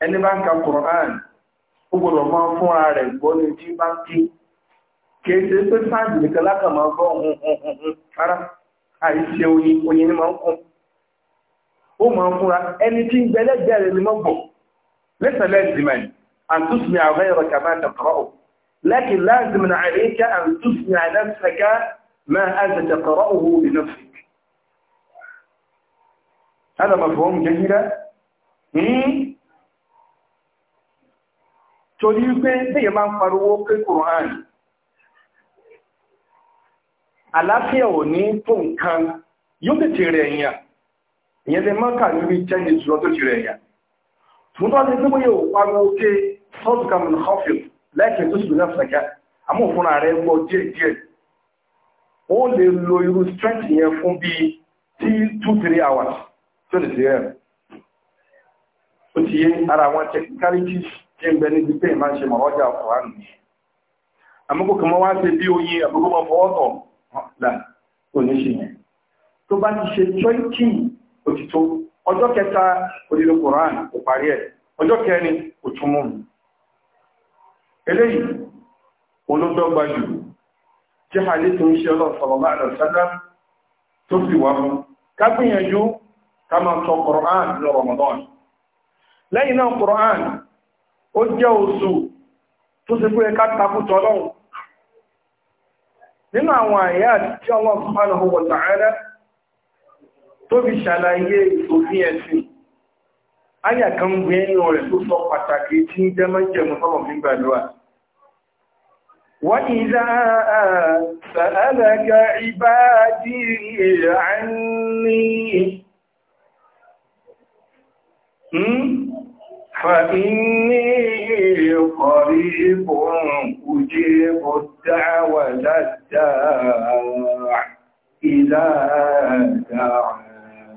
ẹni bá ń ka Qur'an ó gbọ́dọ̀ máa fún ara rẹ̀ gbọ́ ní tí bá ń kí kìí ṣe pé sáàdì nìkan lákà máa gbọ́ ọ̀hún ọ̀hún ọ̀hún rárá àìṣe oyin oyin ni máa ń kún ó máa ń fúnra ẹni tí ń gbẹlẹ́gbẹ́ rẹ̀ ni máa gbọ̀ lẹ́sẹ̀ lẹ́sìmẹ̀ àtúnṣe àwọn ẹ̀rọ kàmá tẹ̀kọ́rọ̀ ò lẹ́kìn láàzìmẹ̀ àríkà àtúnṣe àdáṣẹ́ká máa àṣẹ tẹ̀kọ́rọ̀ òhun ìnáfẹ́ هذا مفهوم جيدا torí wípé ihe máa ń pariwo pé kùrán àláfíà ò ní tó nǹkan yóò tètè rẹ̀ èèyàn ìyẹn lè máa kà níbi jẹ́ni jùlọ tó ti rẹ̀ èèyàn fún tó ti tó bóyá pariwo pé south cameroon hofield lẹ́kẹ̀ẹ́ tó sì lè fẹ̀kẹ́ àmọ́ òfúnra rẹ̀ gbọ́ lo irú strength yẹn fún bí tí two three hours tó lè sí rẹ̀ ó ti yé ń bẹ níbi tẹ́ ìmáa ṣe mọ̀rọ́jà ọ̀kùnrin nìyẹn àmọ́kò kan mọ́ wá ṣe bí oyin àmọ́kò mọ́ fọwọ́tọ̀ là kò ní ṣe yẹn tó bá ti ṣe twenty òtítọ́ ọjọ́ kẹta òdìdó koran kò parí ẹ̀ ọjọ́ kẹrin kò tún mú un eléyìí olódọ́gba jù tí hadith ṣe ọlọ́ sallallahu alaihi tó sì wá fún ká gbìyànjú ká máa sọ koran ní Ramadan lẹ́yìn náà koran ó jẹ́ oṣù tó sì pé ká takútọ ọlọ́run nínú àwọn àyà tí Allah subhanahu wa ta'ala tó fi ṣàlàyé ìsòfin ẹ̀sìn ayà kan gbé ẹnu rẹ̀ tó sọ pàtàkì tí ń jẹ́ mọ́jẹ̀mú فإني قريب أجيب الدعوة الداع إذا دعان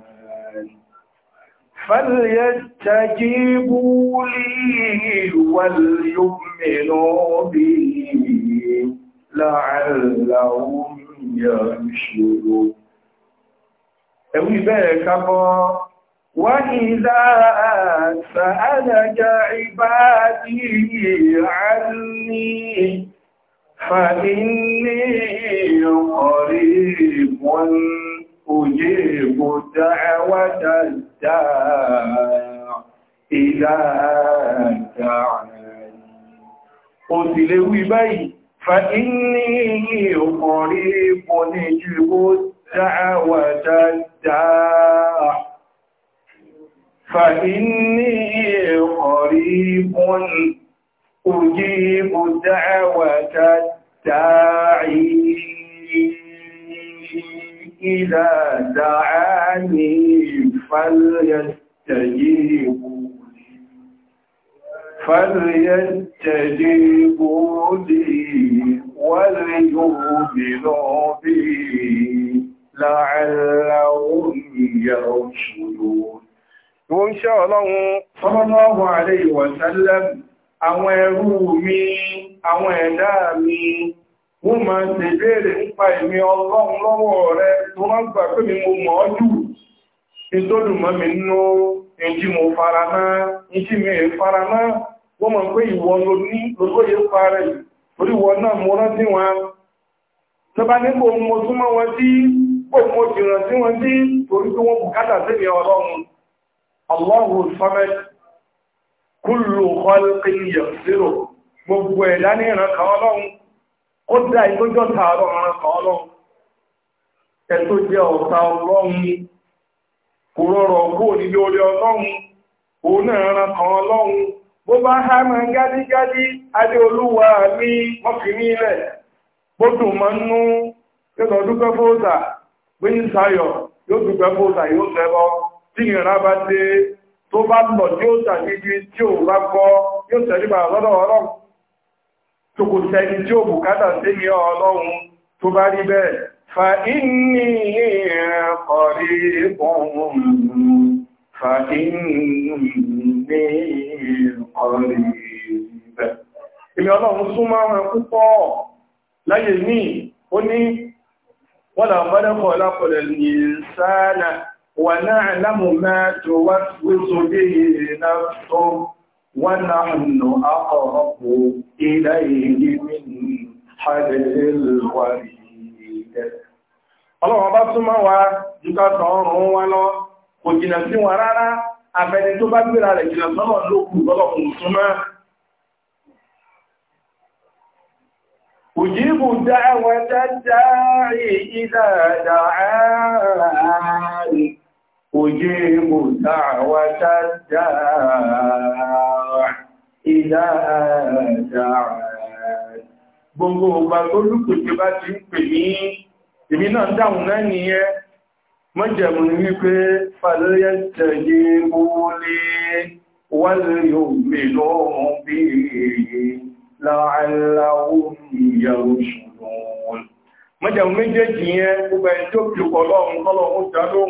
فليستجيبوا لي وليؤمنوا بي لعلهم يرشدون ẹ̀wù ìbẹ̀rẹ̀ kábọ́ وَإِذَا سَأَلَكَ عِبَادِي عَنِّي فَإِنِّي قَرِيبٌ أُجِيبُ دَعْوَةَ الدَّاعِ إِذَا دَعَانِ Ó sì lè wí báyìí, فَإِنِّي قَرِيبٌ فإني قريب أجيب دعوة الداعي إذا دعاني فليستجيبوا لي فليستجيبوا لي وليؤمنوا بي لعلهم يرشدون ìwọ ń ṣẹ́ ọlọ́run sallallahu alayhi wa àwọn ẹrù mi àwọn ẹ̀dá mi wọ́n ma ṣe béèrè nípa èmi ọlọ́run lọ́wọ́ rẹ tó gbà pé mi mo mọ̀ ìtọ́lùmọ́ mi nínú ẹjí mo ìjí wọ́n mọ̀ pé ìwọ lóyè parẹ̀ wọn náà mo rántí wọn mo súnmọ́ wọn sí wọn sí torí wọ́n bùkátà الله الصمد كل خلق yaghfiru gbogbo ẹ̀dá ní ìrànkà ọlọ́run ó dá ìtójọ́ tààrọ ìrànkà ọlọ́run ẹ̀tọ́ jẹ́ ọ̀tá ọlọ́run kò rọrọ̀ kó nílé orí ọlọ́run òun náà ìrànkà ọlọ́run bó bá há máa gádígádí adé olúwa ní mọ́kìní ilẹ̀ bó tí ìrìnà bá dé tó bá lọ tí ó tàbí tí ó bá kọ́ yóò tẹ̀lébà lọ́dọ̀ ọlọ́run tó kò sẹ́ni tí ó bùkátà sí ní ọlọ́run tó bá rí bẹ́ẹ̀ fa inni qaribun fa inni qarib ilé وَنَعْلَمُ مَا توسوس به نفسه ونحن أقرب إليه من حبل الوريد Ọlọ́run bá súnmọ́ wa jùká sọ̀rọ̀ wọn lọ, kò jìnà sí wọn rárá, àfẹni tó bá gbéra rẹ̀ jìnà sọ́nà lókù lọ́lọ́kùn súnmọ́. Òjìbù dáwẹ́ dáadáa ìdá dáadáa أجيب دعوة الداع إذا دعا Gbogbo ọgbà tó lùkù tí bá ti ń pè ní èmi náà dáhùn náà nìyẹn, mọ́jẹ̀mù ní wípé fàlẹ́yẹ tẹ̀yẹ múlé wà lórí òmè lọ́rùn bí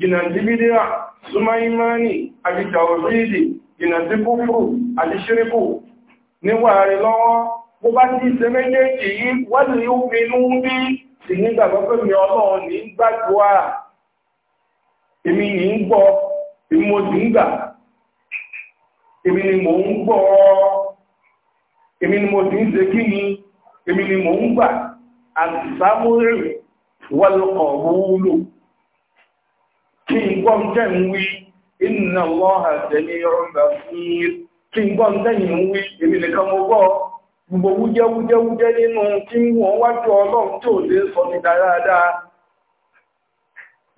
jìnà sí bídíà súnmọ́ ìmáni àti tàwọ̀fíìdì jìnà sí bó bá ti ṣe méjèèjì yìí wọ́lù yóò fi inú sì nígbàgbọ́ pé mi ọlọ́run ní gbàdúrà èmi ní ń ni mò ń gbọ́ èmi ni mo sì ń ṣe ni èmi ni mò ń gbà àti kí n gbọ́ ń tẹ́ ń wí inna Allaha sami'un basir kí n gbọ́ ń tẹ́yìn wí èmi nìkan mo gbọ́ gbogbo wújẹ́ wújẹ́ wújẹ́ nínú kí wọ́n wájú ọlọ́run tí ò lè sọ ní dáadáa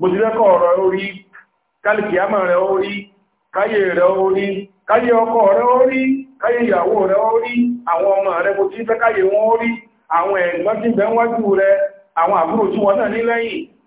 bòtílẹ́kọ̀ ọ̀rọ̀ orí orí káyé orí káyé ọkọ rẹ̀ orí káyé ìyàwó rẹ orí àwọn ọmọ bó ti fẹ́ káyé wọn orí àwọn ẹ̀gbọ́n bẹ́ wájú àwọn àbúrò tí náà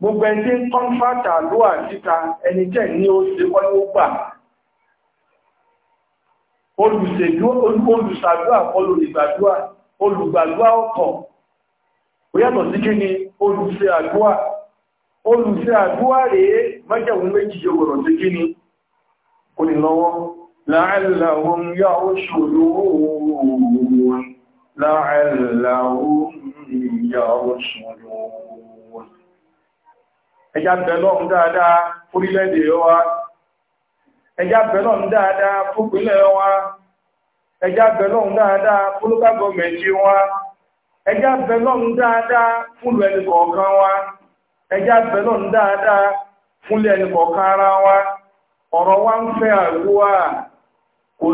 gbogbo ẹni tí ń kọ́nfàtà ló wà síta ẹni tẹ́ ní ó ṣe wọ́n ó gbà olùsàdúà kọlu ìgbàdúà olùgbàdúà ọkọ̀ ó yàtọ̀ sí kí ni olùsẹ àdúà olùsẹ àdúà rèé mẹ́jẹ̀wọ̀n méjì yóò sí kí ni kò ní lọ́wọ́ láàrínláwọ́n yá ó ṣòro láàrínláwọ́n yá ó ṣòro ẹjá bẹ̀lọ́n dáadáa fúrílẹ̀-èdè wa ẹjá bẹ̀lọ́n dáadáa fúpínlẹ̀ wa ẹjá bẹ̀lọ́n dáadáa fúlúkà gọ́ọ̀mẹ̀ntì wa ẹjá dáadáa fúlù ẹnì kọ̀ọ̀kan wa ẹjá dáadáa fúnlẹ̀ ẹnì wa ọ̀rọ̀ wa ń fẹ́ kò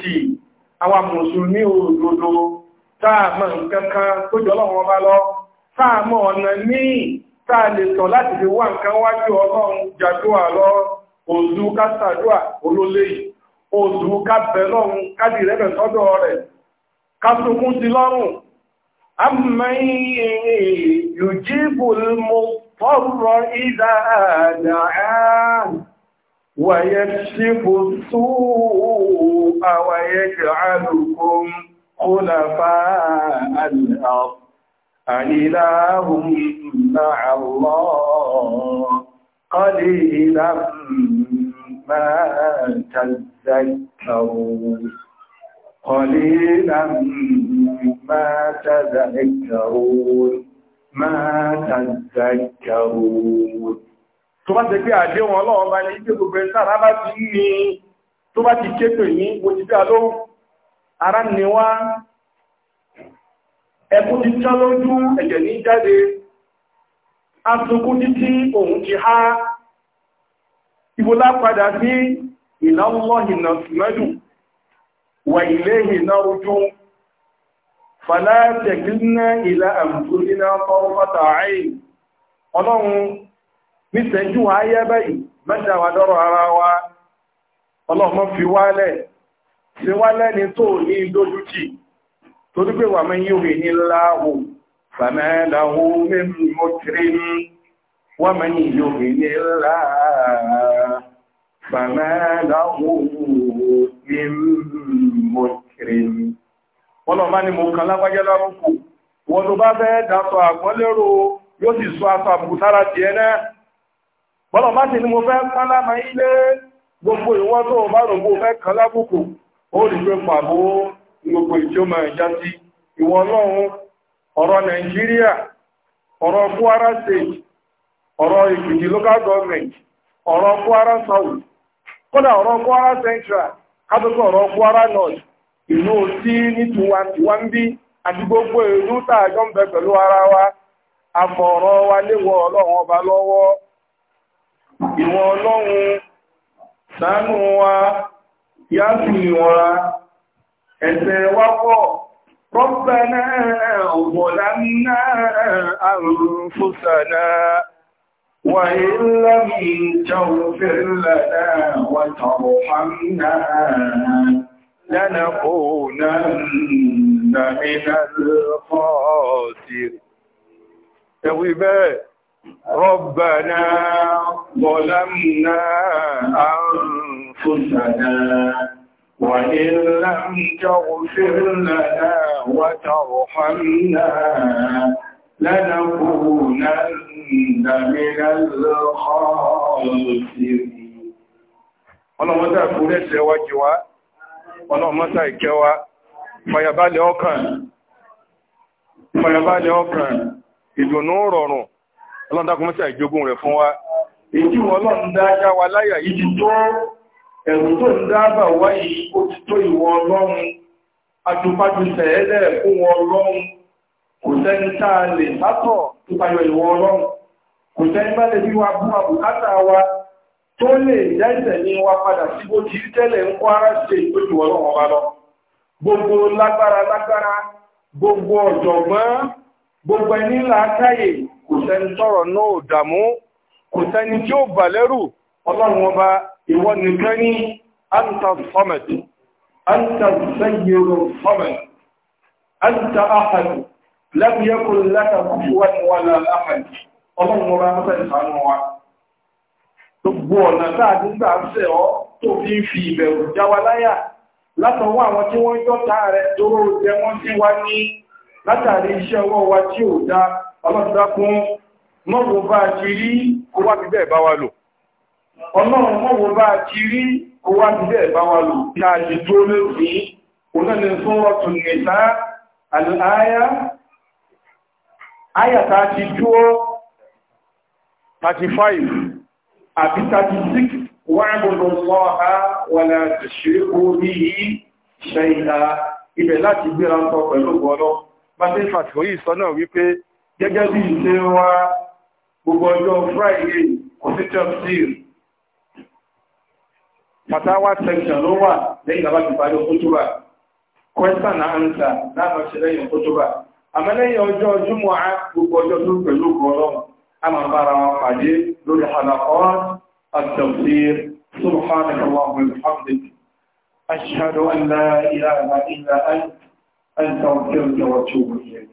sí ń àwọn mùsùlùmí òdodo lọ ọ̀nà míì táà lè tọ̀ láti fi wá nǹkan wájú ọlọ́run jàdúà lọ òzú ká sàdúà olólè yìí òzú ká bẹ̀ kádì rẹ̀ sọ́dọ̀ rẹ̀ ká sunkún sí lọ́rùn amẹ́yìn yùjíbù mọ́tọ́rọ̀ ìdá àdáhàn ويكشف السوء ويجعلكم خلفاء الأرض أإله مع الله قليلا ما تذكرون قليلا ما تذكرون ما تذكرون tó bá ṣe pé àdéhùn ọlọ́run bá ní ìgbé gbogbo ẹ̀sára bá ti ní tó bá ti ké pè ní mo bí alóhùn ara ni wá ẹkún ti tán lójú ẹ̀jẹ̀ ní jáde asùnkú títí òun ti há ìbúlá padà sí ìnáwọ́hìnà mẹ́dù wà ilé ìná ojú fàlátẹ̀kínà ìlà ní tẹ́jú ayẹ́ báyìí ara wa fi ní tó ní torí pé wà mẹ́yìn òwe ní láàwò fàmẹ́láwò mẹ́mọ́ tìrí ní wà mẹ́yìn òwe ní láàá fàmẹ́láwò mẹ́mọ́ tìrí ní wọ́n lọ bá ní mo kan lápájẹ́ lárúkù wọ́n tó bá fẹ́ dátọ̀ àgbọ́lérò yóò sì sọ aṣọ àbùkù sára ti ẹ̀nà bọ́lọ̀ bá sì ní mo fẹ́ kán lámà gbogbo ìwọ́n tó bá rògbò fẹ́ kan lábùkù ó rí pé pàbó gbogbo ìjọ máa já sí ọlọ́run ọ̀rọ̀ nigeria ọ̀rọ̀ Kwara state ọ̀rọ̀ Èkìtì local government ọ̀rọ̀ Kwara south kódà ọ̀rọ̀ Kwara central kátókò ọ̀rọ̀ Kwara north ìlú òsí nítùwàtíwá ń bí àti gbogbo ìlú tààjọ́ ń bẹ pẹ̀lú ara wa afọ wa ọlọ́run ọba lọ́wọ́ ọlọ́run wa yá sí ìwọ̀n ẹ̀ṣẹ̀ wa pọ̀ ربنا ظلمنا أنفسنا وإن لم تغفر لنا وترحمنا لنكونن من الخاسرين ẹ̀wì bẹ́ẹ̀ ربنا ظلمنا أنفسنا وإن لم تغفر لنا وترحمنا لنكونن من الخاسرين ọlọ́mọ́ta ìkúrẹ́ ẹ̀ṣẹ̀ wa jì wá ọlọ́mọ́ta ìkẹ́ wa fàyàbálẹ̀ ọkàn fàyàbálẹ̀ ọkàn rọrùn ọlọ́ndàkùnmọ́ta rẹ̀ fún wa ìjú wa láyà tó ẹ̀rùn tó ń dábà wáyé ó ti tó ìwọ ọlọ́run ajúpájú tẹ̀ẹ́lẹ̀ fún wọn ọlọ́run kò sẹ́ni táa lè sátọ̀ tó payọ ìwọ ọlọ́run kò sẹ́ni bá lè bí wa bú àbùkátà wa tó lè jẹ́sẹ̀ ní wa padà sí bó ti tẹ́lẹ̀ ń kọ́ ara ṣe ìtòjú ọlọ́run ọba lọ gbogbo lágbára ọlọ́run ọba ìwọ nìkan ní anta samad anta sayyidu samad anta ahad lam yakun laka kufuwan wala ahad ọlọ́run ọba mọ́ta ìsànú wa gbogbo ọ̀nà táà nígbà ń sẹ̀ ọ́ tó fi ń fi ìbẹ̀rù jáwa láyà látọwọ́ àwọn tí wọ́n jọ́ta rẹ̀ tó rò jẹ wọ́n tí wá ní látàrí iṣẹ́ ọwọ́ wa tí ò dá ọlọ́dúndákún mọ́rùn bá ti rí kó wá bíbẹ̀ bá wa lò ọlọ́run mọ́wọ́ bá ti rí owó àtúgbẹ́ ẹ̀bá wa lò tí a ṣe dúró lórí onáni Suratul Nisa àlàáyá àyàtà ti dúró 35 àbí 36 wa'budu Allaha wa la tushriku bihi shay'a ibẹ̀ láti gbéra ń sọ pẹ̀lú ọlọ́ bá tẹ́ fàtíwòyí sọ náà wípé gẹ́gẹ́ bí ìṣẹ́ wa gbogbo ọjọ́ Friday kò sí tẹ́psìlì fatawa section ló wà lẹ́yìn bàbá ti parí kútúbà question and answer láàmà ṣe lẹ́yìn kútúbà àmọ́ lẹ́yìn ọjọ́ júmọ̀ á gbogbo ọjọ́ tó pẹ̀lú ọlọ́run a máa bára wọn pàdé lórí halakọ́t التفسير سبحانك اللهم وبحمدك أشهد أن لا إله إلا أنت أنت وكرت وأتوب إليك